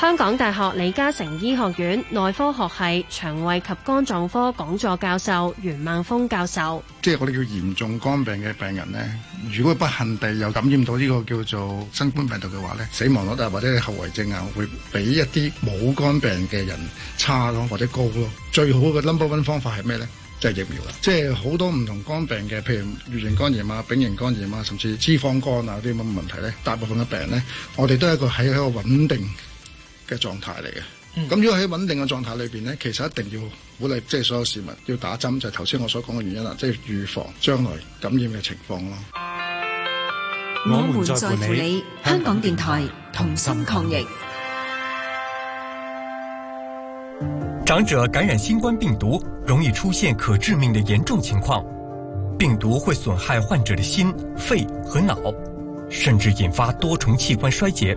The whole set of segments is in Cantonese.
香港大學李嘉誠醫學院內科學系腸胃及肝臟科講座教授袁孟峰教授，即係我哋叫嚴重肝病嘅病人咧。如果不幸地又感染到呢個叫做新冠病毒嘅話咧，死亡率啊或者後遺症啊，會比一啲冇肝病嘅人差咯，或者高咯。最好嘅 number one 方法係咩咧？就係疫苗啦。即係好多唔同的肝病嘅，譬如乙型肝炎啊、丙型肝炎啊，甚至脂肪肝啊啲咁問題咧，大部分嘅病人咧，我哋都係一個喺一個穩定嘅狀態嚟嘅，咁、嗯、如果喺穩定嘅狀態裏邊咧，其實一定要鼓勵即係所有市民要打針，就係頭先我所講嘅原因啦，即係預防將來感染嘅情況咯。我們在乎你，香港電台同心抗疫。長者感染新冠病毒容易出現可致命嘅嚴重情況，病毒會損害患者嘅心、肺和腦，甚至引發多重器官衰竭。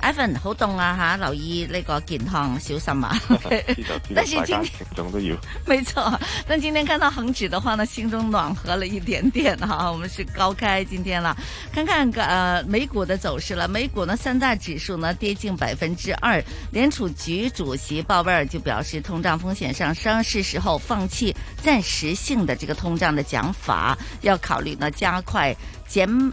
艾芬，Evan, 好凍啊，哈，留意那個健康，小心啊！這個是什麼 okay。 但是今天凍都有沒錯。但今天看到恒指的話呢，呢心中暖和了一點點哈。我們是高開今天了，看看個呃美股的走勢了。美股呢三大指數呢跌近百分之二，聯儲局主席鮑威爾就表示通脹風險上升，是時候放棄暫時性的這個通脹的講法，要考慮呢加快減。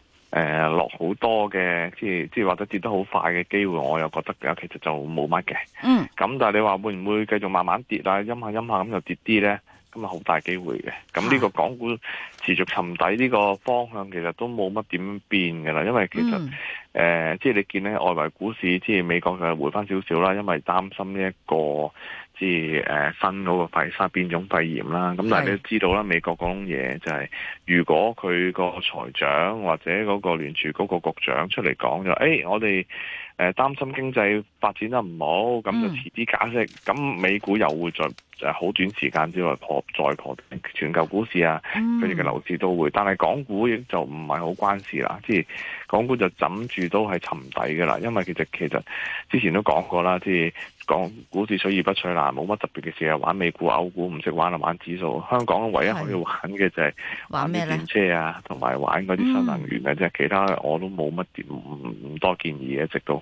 誒，落好多嘅，即係即係或者跌得好快嘅機會，我又覺得嘅，其實就冇乜嘅。嗯，咁但係你話會唔會繼續慢慢跌啊？陰下陰下咁又跌啲咧，咁啊好大機會嘅。咁呢個港股持續沉底呢個方向，其實都冇乜點變噶啦，因為其實誒、嗯呃，即係你見呢外圍股市，即係美國佢回翻少少啦，因為擔心呢一個。即係誒新嗰個肺變種肺炎啦，咁但係你都知道啦，是美國講嘢就係、是，如果佢個財長或者嗰個聯儲局個局長出嚟講咗，誒、哎、我哋誒擔心經濟發展得唔好，咁就遲啲加息，咁美股又會再。好短時間之內破再破全球股市啊，跟住個樓市都會，但係港股就唔係好關事啦。即係港股就枕住都係沉底嘅啦，因為其實其實之前都講過啦，即係港股市水業不取啦，冇乜特別嘅事，係玩美股、歐股，唔識玩就玩指數。香港唯一可以玩嘅就係玩咩咧？電車啊，同埋玩嗰啲新能源嘅啫，嗯、其他我都冇乜點唔多建議嘅，一直都。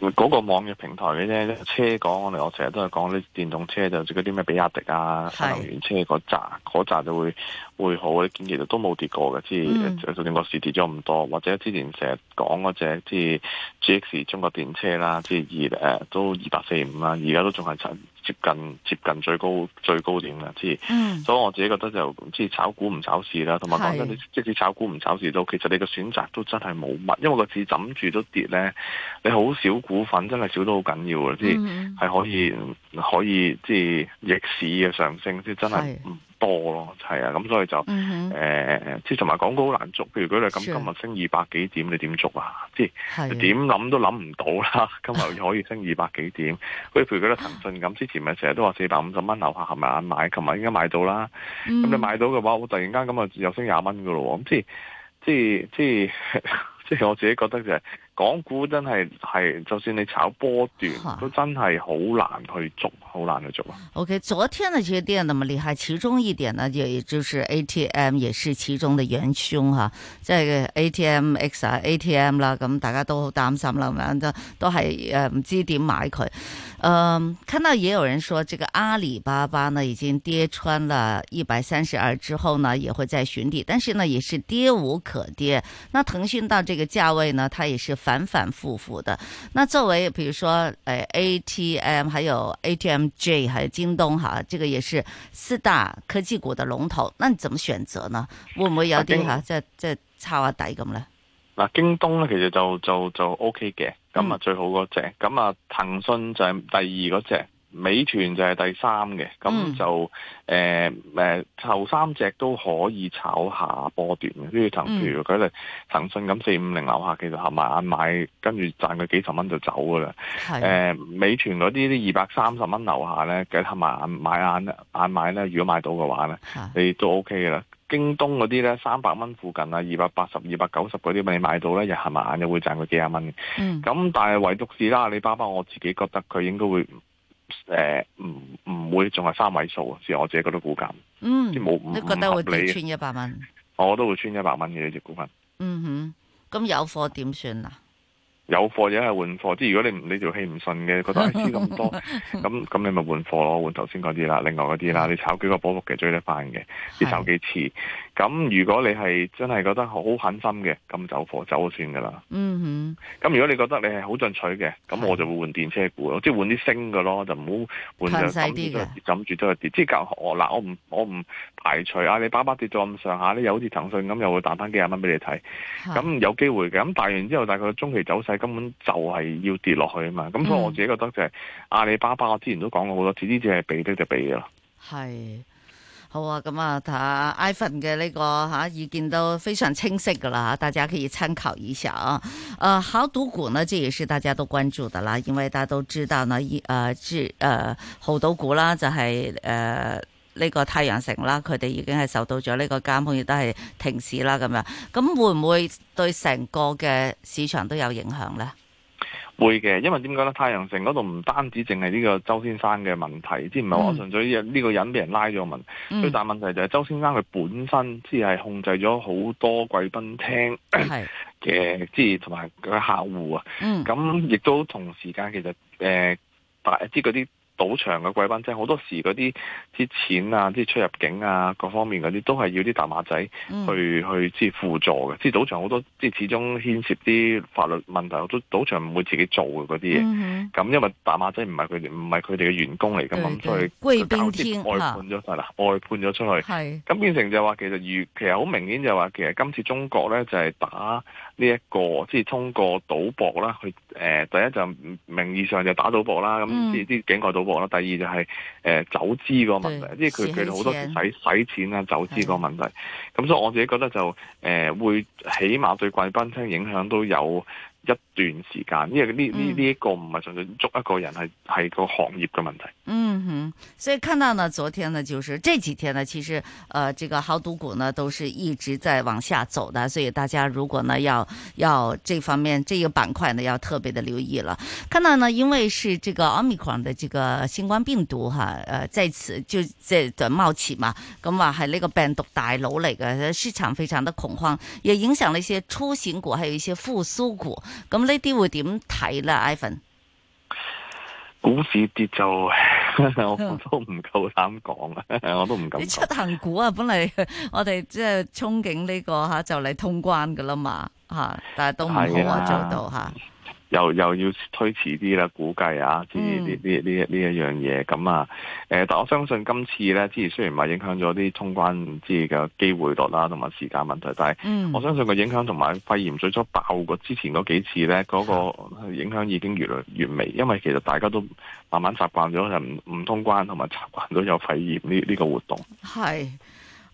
嗰個網約平台嘅啫，車講我哋，我成日都係講啲電動車就嗰啲咩比亞迪啊，新能源車嗰扎，嗰扎就會會好啲，見其實都冇跌過嘅，即係最近個市跌咗咁多，或者之前成日講嗰隻即係 GX 中國電車啦，即係二都二百四五啦，而家都仲係接近接近最高最高點啦，即係。嗯。所以我自己覺得就即係炒股唔炒市啦，同埋講真，是即使炒股唔炒市都，其實你嘅選擇都真係冇乜，因為個市枕住都跌咧，你好少股份真係少到好緊要嘅，即係係、嗯、可以可以即係逆市嘅上升，即係真係。.多咯，係啊，咁、嗯、所以就，誒、呃，即係同埋港股好難捉，譬如佢哋咁今日升二百幾點，的你點捉啊？即係點諗都諗唔到啦，今日可以升二百幾點？好似譬如嗰啲騰訊咁，之前咪成日都話四百五十蚊樓下係咪眼買？琴日應該買到啦，咁你買到嘅話，我突然間咁啊又升廿蚊噶咯，咁即係即係即係即係我自己覺得就係、是。港股真係係，就算你炒波段，都真係好難去捉，好難去捉。Okay, 昨天啊，跌咁厲害，其中一點呢，也就是 A T M 也是其中的元凶哈。即係 A T M X 啊，A T M 啦，咁大家都好擔心啦，咁都都係誒唔知點買佢。嗯，看到也有人說，這個阿里巴巴呢，已經跌穿了一百三十二之後呢，也會再尋底，但是呢，也是跌無可跌。那騰訊到這個價位呢，它也是。反反复覆的，那作為，譬如說誒，ATM，還有 ATMJ，還有京東，哈，這個也是四大科技股的龍頭，那你怎麼選擇呢？會唔會有啲哈，即係即係抄下底咁咧？嗱、啊，京東咧其實就就就 OK 嘅，咁啊最好嗰隻，咁啊騰訊就係第二嗰隻。美團就係第三嘅，咁就誒誒頭三隻都可以炒下波段嘅，跟住騰譬如佢哋騰訊咁四五零樓下，其實合埋眼買，跟住賺佢幾十蚊就走噶啦。係誒的、呃、美團嗰啲啲二百三十蚊樓下咧，嘅合埋眼買眼咧眼買咧，如果買到嘅話咧，的你都 OK 噶啦。京東嗰啲咧三百蚊附近啊，二百八十二百九十嗰啲咪你買到咧，又合埋眼又會賺佢幾十蚊。咁、嗯、但係唯獨是啦阿里巴巴，爸爸我自己覺得佢應該會。誒，唔唔、呃、會仲係三位數啊，是我自己覺得估價。嗯，無你覺得會跌穿一百蚊？我都會穿一百蚊嘅呢隻股份。嗯哼，咁有貨點算啊？有貨嘢係換貨，即係如果你你條氣唔順嘅，覺得輸咁、哎、多，咁咁 你咪換貨咯，換頭先嗰啲啦，另外嗰啲啦， 你炒幾個波幅嘅追得翻嘅，你炒幾次。咁如果你係真係覺得好狠心嘅，咁走貨走咗先噶啦。嗯咁、mm hmm. 如果你覺得你係好進取嘅，咁我就會換電車股咯，是即係換啲升嘅咯，就唔好換住咁住都係跌，即係教我嗱，我唔我唔排除阿里巴巴跌咗咁上下咧，又好似騰訊咁，又會彈翻幾廿蚊俾你睇。咁是有機會嘅，咁彈完之後，大概中期走勢根本就係要跌落去啊嘛。咁所以我自己覺得就係阿里巴巴，我之前都講過好多次，呢隻係避得就避嘅啦。係。好啊，咁啊，睇下 iPhone 嘅呢個吓意見都非常清晰噶啦，大家可以參考一下啊。誒，濠賭股呢，即係亦是大家都關注噶啦，因為大家都知道呢，以誒，誒、呃，濠賭、呃、股啦，就係誒呢個太陽城啦，佢哋已經係受到咗呢個監控，亦都係停市啦咁樣。咁會唔會對成個嘅市場都有影響咧？會嘅，因為點解咧？太陽城嗰度唔單止淨係呢個周先生嘅問題，即係唔係話純粹呢個人俾人拉咗個問題，最、嗯、大問題就係周先生佢本身，即係控制咗好多貴賓廳嘅，即係同埋佢嘅客戶啊。咁亦、嗯、都同時間其實誒，大一啲嗰啲。賭場嘅貴賓證，好多時嗰啲啲錢啊，啲出入境啊，各方面嗰啲都係要啲疊碼仔去、嗯、去即係輔助嘅。即係賭場好多即係始終牽涉啲法律問題，都賭場唔會自己做嘅嗰啲嘢。咁、嗯、哼因為疊碼仔唔係佢哋唔係佢哋嘅員工嚟嘅，咁對所以搞、啊、外判咗出嚟，外判咗出去。咁是變成就話其實如其實好明顯就話，其實今次中國咧就係打。呢一個即係通過賭博啦，去誒第一就名義上就打賭博啦，咁啲啲境外賭博啦；第二就係誒走資個問題，對即係佢佢哋好多時洗乎洗錢啊、走資個問題。咁對所以我自己覺得就誒會、呃、起碼對貴賓廳影響都有。一段時間，因為呢呢呢一個唔係純粹捉一個人，係係個行業嘅問題。嗯哼，所以看到呢，昨天呢，就是這幾天呢，其實，呃，這個濠賭股呢都是一直在往下走的，所以大家如果呢要要這方面，這個板塊呢要特別的留意了。看到呢，因為是這個 Omicron 的這個新冠病毒哈，呃、啊，在此就在短冒起嘛，咁嘛，係呢個病毒大樓嚟嘅，市場非常的恐慌，也影響了一些出行股，還有一些復蘇股。咁呢啲會點睇呢，Ivan？股市跌就， 我都唔夠膽講，我都唔敢。你出行股啊，本嚟我哋即係憧憬呢個吓，就嚟通關噶啦嘛吓，但係都唔好話做到吓。Yeah. 又又要推遲啲啦，估計啊，呢呢呢呢呢一樣嘢咁啊，誒，但我相信今次呢，之前雖然話影響咗啲通關之嘅機會率啦，同埋時間問題，但係我相信個影響同埋肺炎最初爆過之前嗰幾次呢，嗰、那個影響已經越來越微。因為其實大家都慢慢習慣咗，就唔通關，同埋習慣咗有肺炎呢呢、呢個活動。係。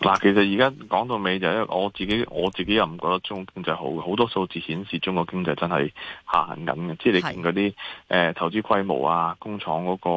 嗱，其實而家講到尾就係，因為我自己我自己又唔覺得中國經濟好，好多數字顯示中國經濟真係下行緊嘅。即係你見嗰啲誒投資規模啊，工廠嗰、嗰個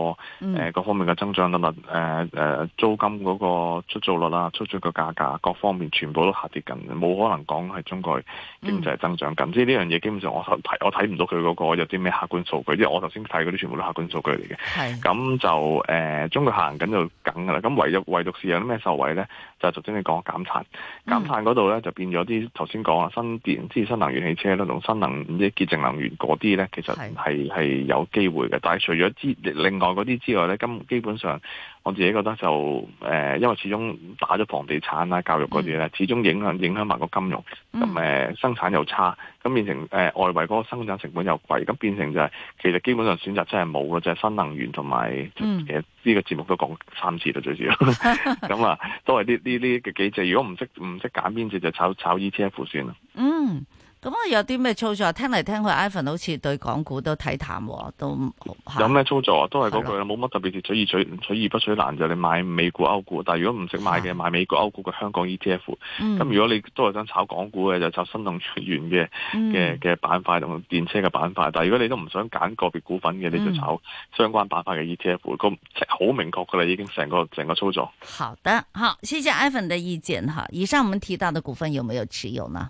誒、呃、各方面嘅增長率，誒、呃、誒、呃、租金嗰個出租率啦、啊，出租嘅價格，各方面全部都下跌緊，冇可能講係中國經濟增長緊。嗯、即係呢樣嘢基本上我睇我睇唔到佢嗰個有啲咩客觀數據，即係我頭先睇嗰啲全部都客觀數據嚟嘅。係咁是就誒、呃，中國下行緊就梗噶啦。咁唯獨唯獨是有啲咩受惠咧？就係頭先你講講減碳，減碳嗰度咧就變咗啲頭先講啊，新電即係新能源汽車啦，同新能源即係潔淨能源嗰啲咧，其實係係是有機會嘅。但係除咗之另外嗰啲之外咧，今基本上。我自己覺得就誒，因為始終打咗房地產啦、教育嗰啲咧，始終影響影響埋個金融，咁誒、嗯、生產又差，咁變成誒外圍嗰個生產成本又貴，咁變成就係、是、其實基本上選擇真係冇嘅，就係、是、新能源同埋，嗯、其實呢個節目都講三次啦，最少。咁 啊， 都係呢呢呢嘅幾隻，如果唔識唔識揀邊隻就炒炒 ETF 算啦。嗯。咁啊，有啲咩操作？聽嚟聽去，Ivan 好似對港股都睇淡喎，都有咩操作？都係嗰句，冇乜的特別，取易取，取易不取難。就是、你買美股、歐股，但係如果唔識買嘅，的買美國歐股、歐股嘅香港 ETF、嗯。咁如果你都係想炒港股嘅，就炒新能源嘅嘅嘅板塊同電車嘅板塊。但係如果你都唔想揀個別股份嘅，你就炒相關板塊嘅 ETF。咁好明確噶啦，已經成個成個操作。好的，好，謝謝 Ivan 嘅意見哈。以上我們提到的股份有沒有持有呢？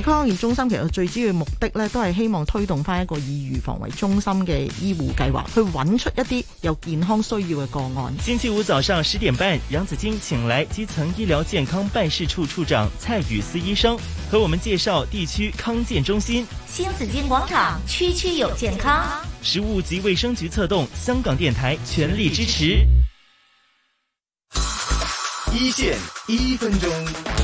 健康中心其實最主要的目的呢，都係希望推動翻一個以預防為中心嘅醫護計劃，去揾出一啲有健康需要嘅個案。星期五早上十點半，楊子矜請來基層醫療健康辦事處處長蔡宇思醫生，和我們介紹地區康健中心。新紫荊廣場區區有健康，食物及衛生局策動，香港電台全力支持。一線一分鐘。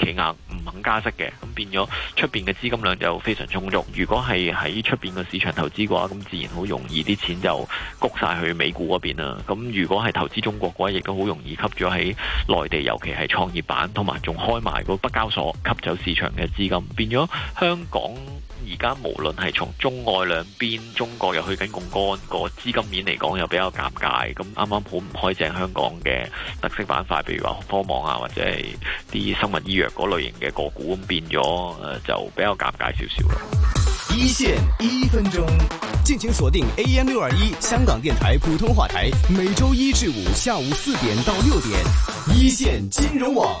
企硬唔肯加息嘅，咁變咗出邊嘅資金量就非常充足。如果係喺出邊嘅市場投資嘅話，咁自然好容易啲錢就谷晒去美股嗰邊啦。咁如果係投資中國嘅話，亦都好容易吸咗喺內地，尤其係創業板同埋仲開埋個北交所，吸走市場嘅資金，變咗香港。而家無論係從中外兩邊，中國又去緊槓桿，個資金面嚟講又比較尷尬。咁啱啱好唔開正香港嘅特色板塊，譬如話科網啊，或者係啲生物醫藥嗰類型嘅個股，咁變咗，誒就比較尷尬少少啦。一線一分鐘，敬請鎖定 AM 六二一香港電台普通話台，每周一至五下午四點到六點，一線金融網。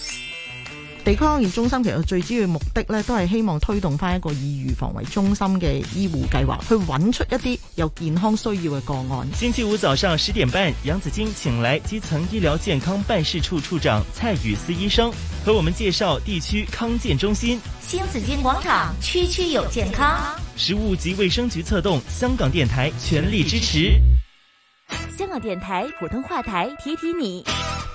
地區康健中心其實最主要的目的咧，都係希望推動翻一個以預防為中心嘅醫護計劃，去揾出一啲有健康需要嘅個案。星期五早上十點半，楊子矜請來基層醫療健康辦事處處，處長蔡宇思醫生，和我們介紹地區康健中心。新紫荊廣場，區區有健康。食物及衛生局策動，香港電台全力支持。香港電台普通話台，提提你。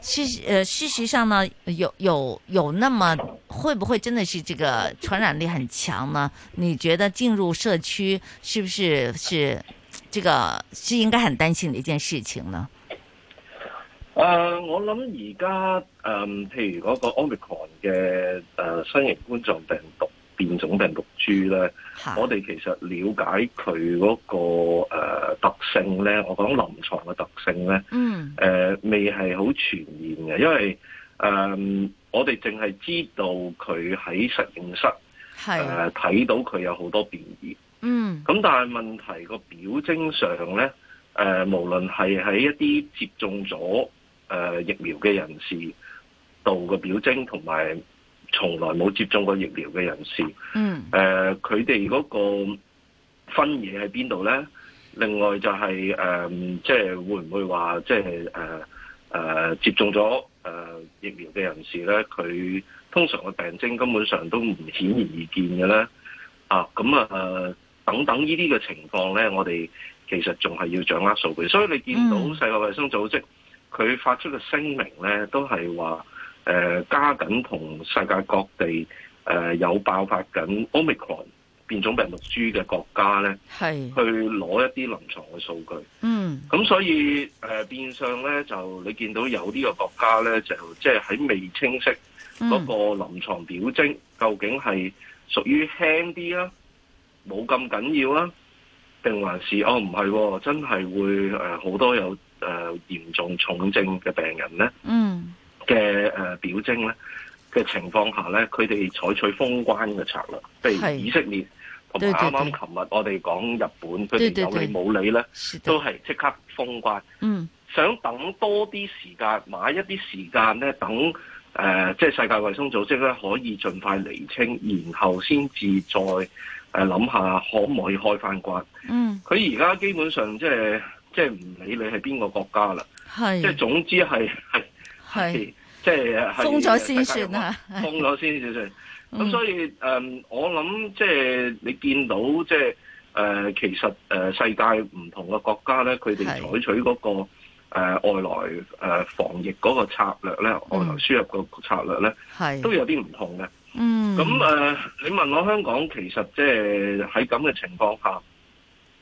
事實，呃，事實上呢，有有有那麼，會不會真的是這個傳染力很強呢？你覺得進入社區是不是是，這個是應該很擔心的一件事情呢？誒、呃，我諗而家，嗯、呃，譬如嗰個 Omicron 嘅新型、呃、冠狀病毒。變種病毒株咧，的我哋其實了解佢嗰、那個、呃、特性咧，我講臨床嘅特性咧、嗯呃，未係好全面嘅，因為、呃、我哋淨係知道佢喺實驗室睇的、呃、到佢有好多變異，嗯，咁但係問題個表徵上咧、呃，無論係喺一啲接種咗、呃、疫苗嘅人士度嘅表徵同埋，從來冇接種過疫苗嘅人士，嗯，誒、呃，佢哋嗰個分野喺邊度咧？另外就係、是、誒，即、呃、係、就是、會唔會話，即係誒誒接種咗誒、呃、疫苗嘅人士咧，佢通常嘅病徵根本上都唔顯而易見嘅咧。啊，咁、呃、啊，等等這些呢啲嘅情況咧，我哋其實仲係要掌握數據。所以你見到世界衛生組織佢發出嘅聲明咧，都係話。誒、呃，加緊同世界各地誒、呃、有爆發緊 Omicron 變種病毒株嘅國家咧，係是去攞一啲臨床嘅數據。嗯，咁所以誒、呃、變相咧就你見到有呢個國家咧就即係喺未清晰嗰個臨床表徵，嗯、究竟係屬於輕啲啦，冇咁緊要啦、啊，定還是哦唔係、哦，真係會誒好、呃、多有誒嚴、呃、重重症嘅病人咧。嗯。嘅表徵咧嘅情況下咧，佢哋採取封關嘅策略，譬如以色列同埋啱啱琴日我哋講日本，佢哋有理冇理咧，的都係即刻封關。嗯，想等多啲時間，買一啲時間咧，等誒、呃，即係世界衛生組織咧可以盡快釐清，然後先至再誒諗、呃、下可唔可以開翻關。嗯，佢而家基本上即係即係唔理你係邊個國家啦。係是，即係總之係係。是即係係世界咁啊，封咗先算啦。咁是所以誒，嗯、我諗即係你見到即係誒，其實誒、呃、世界唔同嘅國家咧，佢哋採取嗰、嗰個是、呃、外來誒、呃、防疫嗰個策略咧，嗯、外來輸入嗰個策略咧，係是都有啲唔同嘅。嗯，咁誒、呃，你問我香港其實即係喺咁嘅情況下。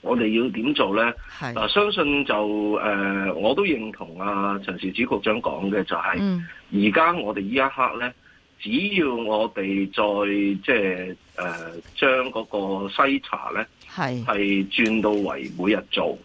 我哋要點做咧？嗱是、啊，相信就誒、呃，我都認同啊，陳肇始局長講嘅就係、是，而家、嗯、我哋呢一刻咧，只要我哋再即係誒，將嗰個篩查咧係係轉到為每日做，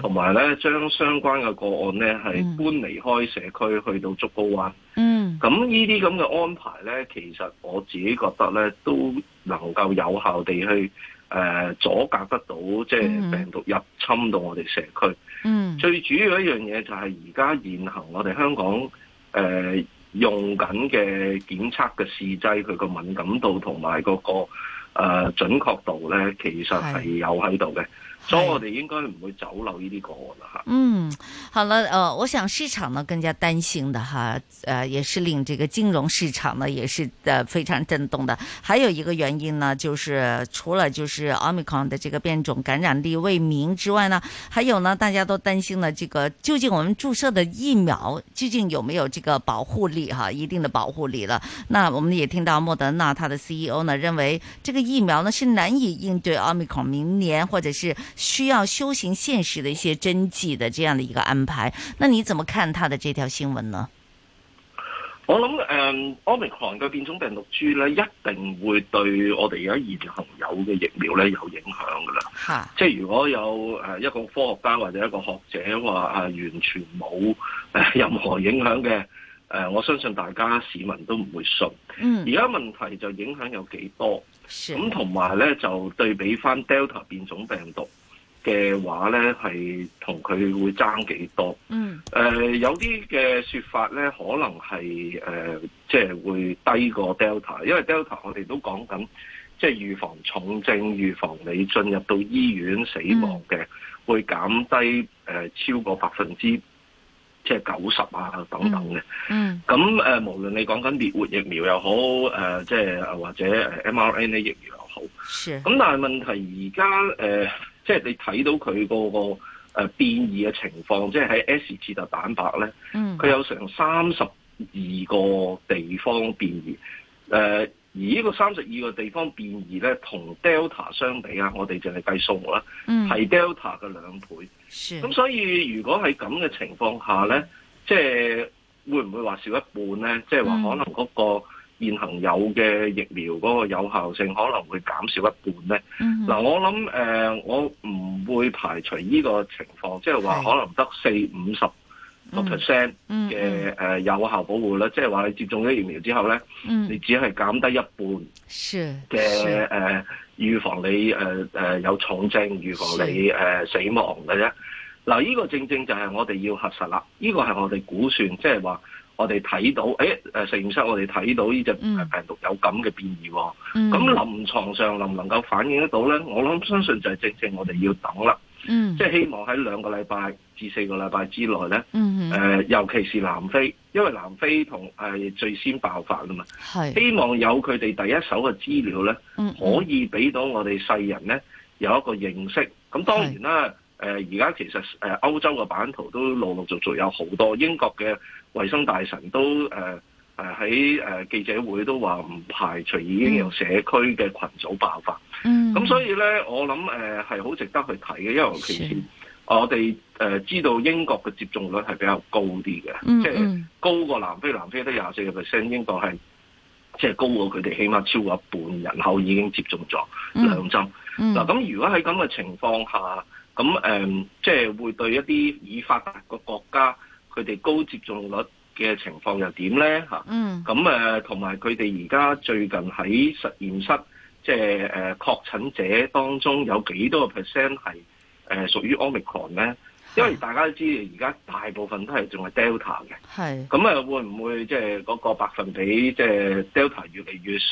同埋咧將相關嘅個案咧係搬離開社區、嗯、去到竹篙灣。嗯，咁呢啲咁嘅安排咧，其實我自己覺得咧，都能夠有效地去。誒阻隔得到，即係病毒、mm hmm. 入侵到我哋社區。嗯、mm，hmm. 最主要一樣嘢就係而家現行我哋香港誒、呃、用緊嘅檢測嘅試劑，佢個敏感度同埋嗰個誒、呃、準確度咧，其實係有喺度嘅。所以我哋應該唔會走漏呢啲個案了哈。嗯，好了，呃，我想市場呢更加擔心的哈，呃也是令這個金融市場呢也是呃非常震動的。還有一個原因呢，就是除了就是奧密克戎的這個變種感染力未明之外呢，還有呢，大家都擔心呢，這個究竟我們注射的疫苗究竟有沒有這個保護力哈？一定的保護力了。那我們也聽到莫德納他的 CEO 呢認為，這個疫苗呢是難以應對奧密克戎明年或者是。需要修行現實的一些真跡的這樣的一個安排，那你怎麼看他的這條新聞呢？我諗誒 Omicron 嘅變種病毒株咧，一定會對我哋而家現在現行有嘅疫苗咧有影響噶啦。吓哈，即係如果有誒一個科學家或者一個學者話、啊、完全冇誒、啊、任何影響嘅誒、啊，我相信大家市民都唔會信。而家、嗯、問題就影響有幾多？咁同埋咧就對比翻 delta 變種病毒。嘅話咧，係同佢會爭幾多？嗯，誒、呃、有啲嘅説法咧，可能係誒即係會低過 Delta，因為 Delta 我哋都講緊即係預防重症、預防你進入到醫院死亡嘅，嗯、會減低誒、呃、超過百分之即係九十啊等等嘅、嗯。嗯，咁誒、呃、無論你講緊滅活疫苗又好，誒即係或者 mRNA 疫苗又好，咁是但係問題而家誒。呃即係你睇到佢嗰個誒變異嘅情況，即係喺 S 刺突蛋白咧，佢有成三十二個地方變異。誒、呃，而呢個三十二個地方變異咧，同 Delta 相比啊，我哋淨係計數目啦，係、嗯、Delta 嘅兩倍。咁所以如果係咁嘅情況下咧，即、就、係、是、會唔會話少一半咧？即係話可能嗰、那個，現行有嘅疫苗嗰個有效性可能會減少一半咧。嗱、mm hmm. 呃，我諗誒，我唔會排除呢個情況，即係話可能得四五十個 percent 嘅誒有效保護咧。即係話你接種咗疫苗之後咧，mm hmm. 你只係減低一半嘅誒預防你誒誒、呃、有重症，預防你誒是、呃、死亡嘅啫。嗱、呃，呢、呢個正正就係我哋要核實啦。呢、呢個係我哋估算，即係話。我哋睇到，誒、哎，實驗室我哋睇到呢隻病毒有咁嘅變異喎，咁臨床上能唔能夠反映得到咧？我諗相信就係正正我哋要等啦，即係、嗯、希望喺兩個禮拜至四個禮拜之內咧，誒、嗯哼，尤其是南非，因為南非同誒最先爆發啊嘛，是希望有佢哋第一手嘅資料咧，可以俾到我哋世人咧有一個認識。咁當然啦，誒而家其實，誒歐洲嘅版圖都陸陸續續有好多英國嘅。衞生大臣都誒喺誒記者會都話唔排除已經有社區嘅群組爆發，咁、mm hmm. 所以咧我諗誒係好值得去睇嘅，因為其實我哋誒、呃、知道英國嘅接種率係比較高啲嘅，即係、mm hmm. 高過南非，南非得廿四個 percent，英國係即係高過佢哋，起碼超過一半人口已經接種咗兩針。嗱咁、mm hmm. 如果喺咁嘅情況下，咁誒即係會對一啲已發達嘅國家。佢哋高接種率嘅情況又點咧？嚇、嗯，咁誒同埋佢哋而家最近喺實驗室，即係誒確診者當中有幾多個 percent 係誒屬於 Omicron 咧？係因為大家都知而家大部分都係仲係 Delta 嘅，咁誒係、啊、會唔會即係嗰個百分比即係、就是、Delta 越嚟越縮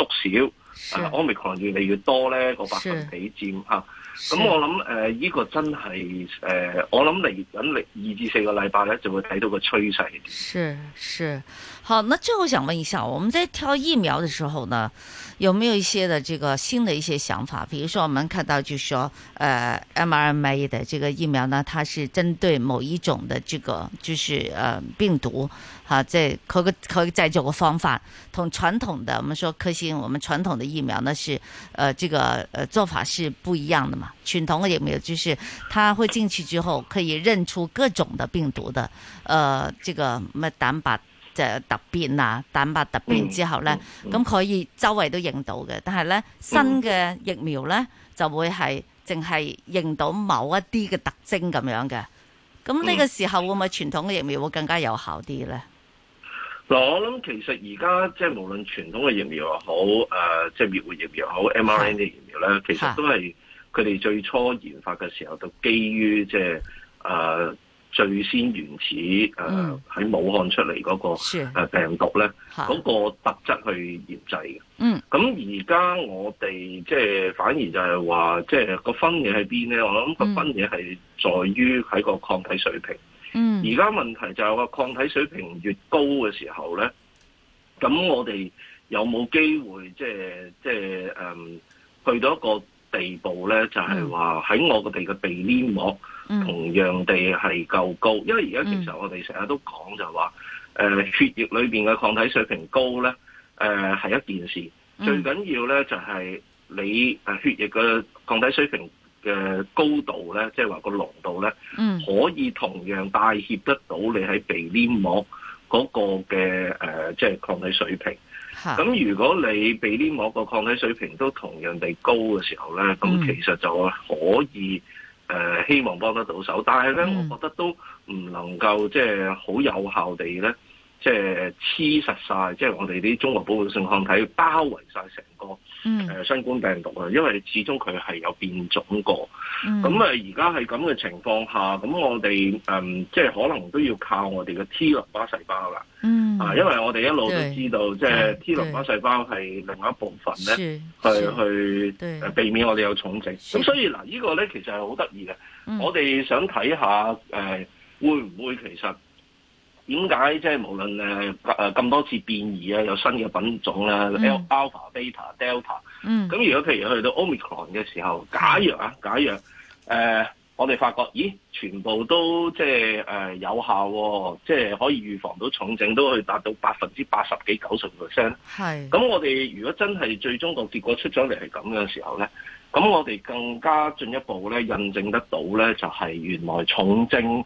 小係，Omicron 越嚟越多咧個百分比佔嚇？咁我諗誒，呢是、呃這個真係誒、呃，我諗嚟緊嚟二至四個禮拜咧，就會睇到一個趨勢。是是，好，那最後想問一下，我們在挑疫苗的時候呢，有沒有一些的這個新的一些想法？比如說，我們看到就是說，誒、呃、mRNA 的這個疫苗呢，它是針對某一種的這個，就是誒病毒。好，再、啊、可可製造個方法同傳統的，我們說科興，我們傳統的疫苗呢是，呃，這個呃做法是不一樣的嘛。傳統嘅疫苗就是它會進去之後可以認出各種的病毒的，呃，這個咩蛋白嘅突變啊，蛋白突變之後咧，咁、嗯、可以周圍都認到嘅。但係咧新嘅疫苗咧、嗯、就會係淨係認到某一啲嘅特徵咁樣嘅。咁呢個時候、嗯、會唔會傳統嘅疫苗會更加有效啲咧？嗱，我諗其實而家即係無論傳統嘅疫苗又好，誒、呃，即係滅活疫苗又好，mRNA 嘅疫苗咧，是其實都係佢哋最初研發嘅時候於、就是，就基於即係誒最先原始誒喺、呃、武漢出嚟嗰個誒病毒咧，嗰是個特質去研製嘅。嗯。咁而家我哋即係反而就係話，即係個分野喺邊咧？我諗個分野係在於喺個抗體水平。嗯，而家問題就係話抗體水平越高嘅時候咧，咁我哋有冇機會即係即係誒、嗯、去到一個地步咧，就係話喺我哋嘅鼻黏膜同樣地係夠高。嗯、因為而家其實我哋成日都講就係話，誒、嗯呃、血液裏邊嘅抗體水平高咧，誒、呃、係一件事，嗯、最緊要咧就係你誒血液嘅抗體水平。嘅高度咧，即係話個濃度咧，嗯、可以同樣帶協得到你喺鼻黏膜嗰個嘅即係抗體水平。咁的如果你鼻黏膜個抗體水平都同樣地高嘅時候咧，咁其實就可以誒、嗯呃、希望幫得到手。但係咧，嗯、我覺得都唔能夠即係好有效地咧，即係黐實曬，即、就、係、是、我哋啲中和保護性抗體包圍曬成個。嗯，新冠病毒啊，因為始終佢係有變種過，咁誒而家係咁嘅情況下，咁我哋誒、嗯、即係可能都要靠我哋嘅 T 淋巴細胞啦，嗯，啊，因為我哋一路都知道，即係對 T 淋巴細胞係另外一部分咧，去去避免我哋有重症。咁對所以嗱，呢、呢個咧其實係好得意嘅，嗯、我哋想睇下誒、呃、會唔會其實。點解即係無論誒咁多次變異啊，有新嘅品種啦，alpha、嗯、a, beta delta,、嗯、delta，咁如果譬如去到 omicron 嘅時候，假若啊，是的 假若，誒、呃、我哋發覺，咦，全部都即係、呃、有效、哦，即係可以預防到重症，都可以達到百分之八十幾九十 percent。咁是的 我哋如果真係最終個結果出咗嚟係咁嘅時候咧，咁我哋更加進一步咧，印證得到咧，就係、是、原來重症。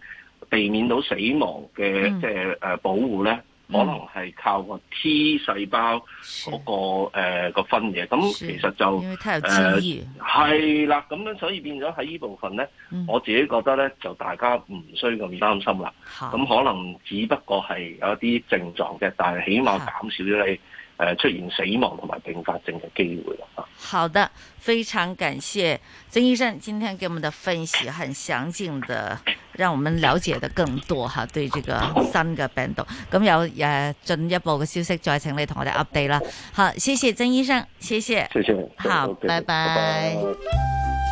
避免到死亡嘅即係誒保護咧，可能係靠個 T 細胞嗰、嗰個誒個分嘅，咁是、呃、其實就誒係、呃、啦，咁樣所以變咗喺呢部分咧，嗯、我自己覺得咧就大家唔需咁擔心啦。咁可能只不過係有一啲症狀嘅，但係起碼減少咗你。誒、呃，出現死亡同埋併發症嘅機會咯、啊、好的，非常感謝曾醫生，今天給我們的分析很詳盡的，讓我們了解得更多哈。對這個新嘅病毒，咁 有誒進、啊、一步嘅消息，再請你同我哋 update 啦。好，謝謝曾醫生，謝謝， 好謝謝好，拜拜。拜拜。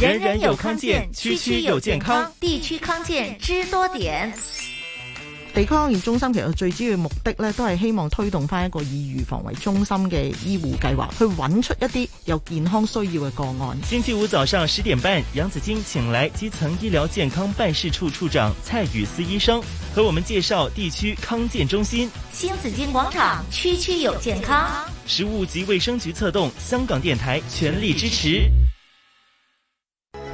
人人有康健，區區有健康，區區健康地區康健知多點。地區康健中心其實最主要的目的呢，都係希望推動翻一個以預防為中心嘅醫護計劃，去揾出一啲有健康需要嘅個案。星期五早上十點半，楊子矜請來基層醫療健康辦事處處,處長蔡宇思醫生，和我們介紹地區康健中心。新紫荊廣場區區有健康，食物及衛生局策動，香港電台全力支持。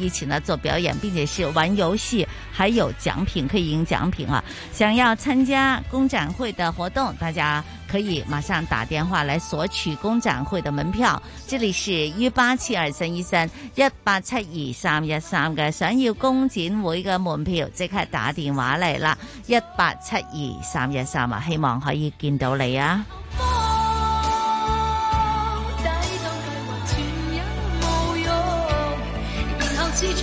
一起呢做表演，並且是玩遊戲，還有獎品可以贏獎品啊！想要參加工展會的活動，大家可以馬上打電話來索取工展會的門票。這裏是一八七二三一三一八七二三一三嘅，想要工展會嘅門票，即刻打電話嚟啦！一八七二三一三啊，希望可以見到你啊！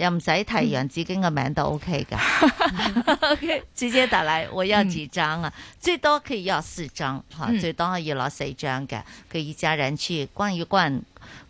又唔使提楊子矜嘅名都 OK 噶 ，OK，直接打來，我要幾張啊？嗯、最多可以要四張，吓、嗯，最多可以攞四張嘅，佢、嗯、一家人去逛一逛。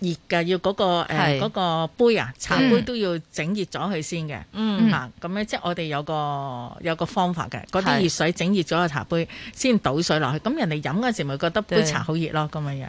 熱嘅要嗰、那個誒嗰個杯啊，茶杯都要整熱咗佢先嘅，嚇咁樣即係我哋有個有個方法嘅，嗰啲是熱水整熱咗個茶杯先倒水落去，咁人哋飲嗰陣時咪覺得杯茶好熱咯咁樣樣。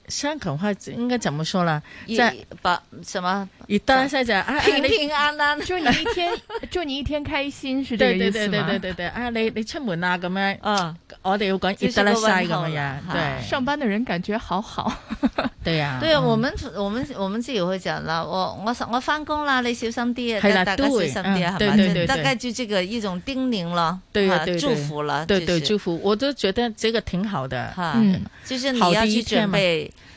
香港話應該怎麼說呢？一不什麼？一耷拉晒啫！平平安安，祝你一天，祝你一天開心，是這個意思嗎？對對對對對對對！啊，你你出門啊，咁樣，嗯，我哋要講一耷拉晒咁樣，對。上班的人感覺好好，對呀。對，我們我們我們自己會講啦。我我我返工啦，你小心啲，大家大家小心啲，反正大概就這個一種叮嚀對哈，祝福了，對對祝福，我都覺得這個挺好的，嗯，就是你要去準備。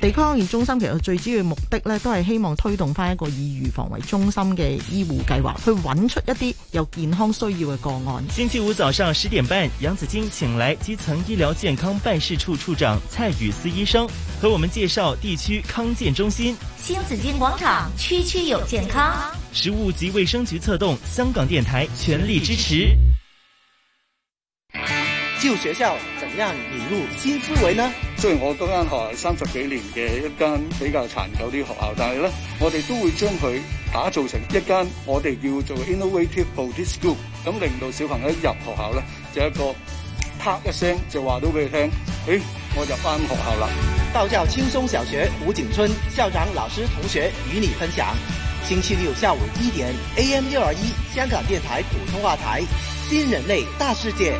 地區康健中心其實最主要的目的咧，都係希望推動翻一個以預防為中心嘅醫護計劃，去揾出一啲有健康需要嘅個案。星期五早上十點半，楊子矜請來基層醫療健康辦事處處長蔡宇思醫生，和我們介紹地區康健中心。新紫荊廣場區區有健康，食物及衛生局策動，香港電台全力支持。舊學校怎樣引入新思維呢？雖然我嗰間學校三十幾年嘅一間比較殘舊啲學校，但係咧，我哋都會將佢打造成一間我哋叫做 innovative boarding school，咁、嗯、令到小朋友入學校咧，就一個啪一聲就話到俾佢聽，誒、哎，我就翻學校啦。道教青松小學湖景村校長老師同學與你分享，星期六下午一點，AM 六二一香港電台普通話台，新人類大世界。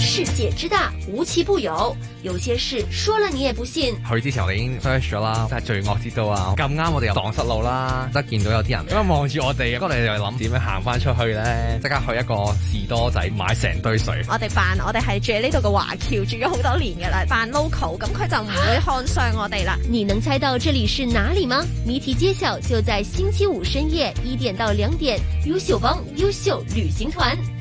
世界之大，無奇不有。有些事說了你也不信。去之前我哋已經 search 咗啦，真係罪惡之都啊。咁啱我哋又蕩失路啦，即見到有啲人咁樣，望住 我哋。我哋又諗點樣行翻出去咧，即刻去一個士多仔買成堆水。我哋扮，我哋係住喺呢度嘅華僑，住咗好多年噶啦，扮 local，咁佢就唔會看上我哋啦。你能猜到這裏是哪裏嗎？謎題揭曉，就在星期五深夜一點到兩點，優秀幫優秀旅行團。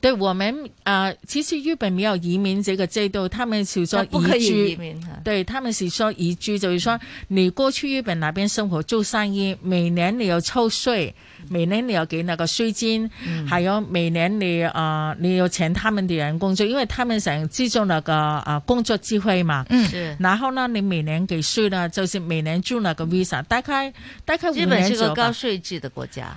對我們啊、呃，其實日本沒有移民這個制度，他們是說移居。不可以移民對，他們是說移居，就是說你過去日本那邊生活做生意，嗯、每年你要抽稅，每年你要給那個稅金，嗯、還有每年你啊、呃，你要請他們的人工作，因為他們想提供那個啊工作機會嘛。嗯。是然後呢，你每年給稅呢，就是每年住那個 visa，大概大概五年。日本是個高稅制的國家。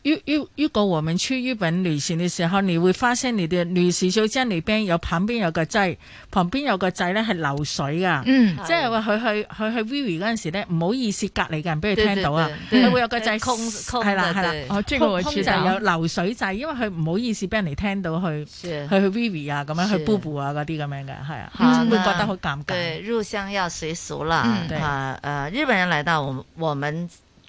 如果我哋出日本旅行嘅時候，你會發現你哋雷扇就將裏邊有旁邊有個掣，旁邊有個掣咧係流水噶，即係話佢去佢去 vivy 嗰陣時咧，唔好意思隔籬嘅人俾佢聽到啊，佢會有個掣控，係啦係啦，控掣有流水掣，因為佢唔好意思俾人哋聽到去去去 vivy 啊，咁樣去 boo boo 啊嗰啲咁樣嘅係啊，會覺得好尷尬。對，入鄉要隨俗啦，啊啊日本人嚟到我我們。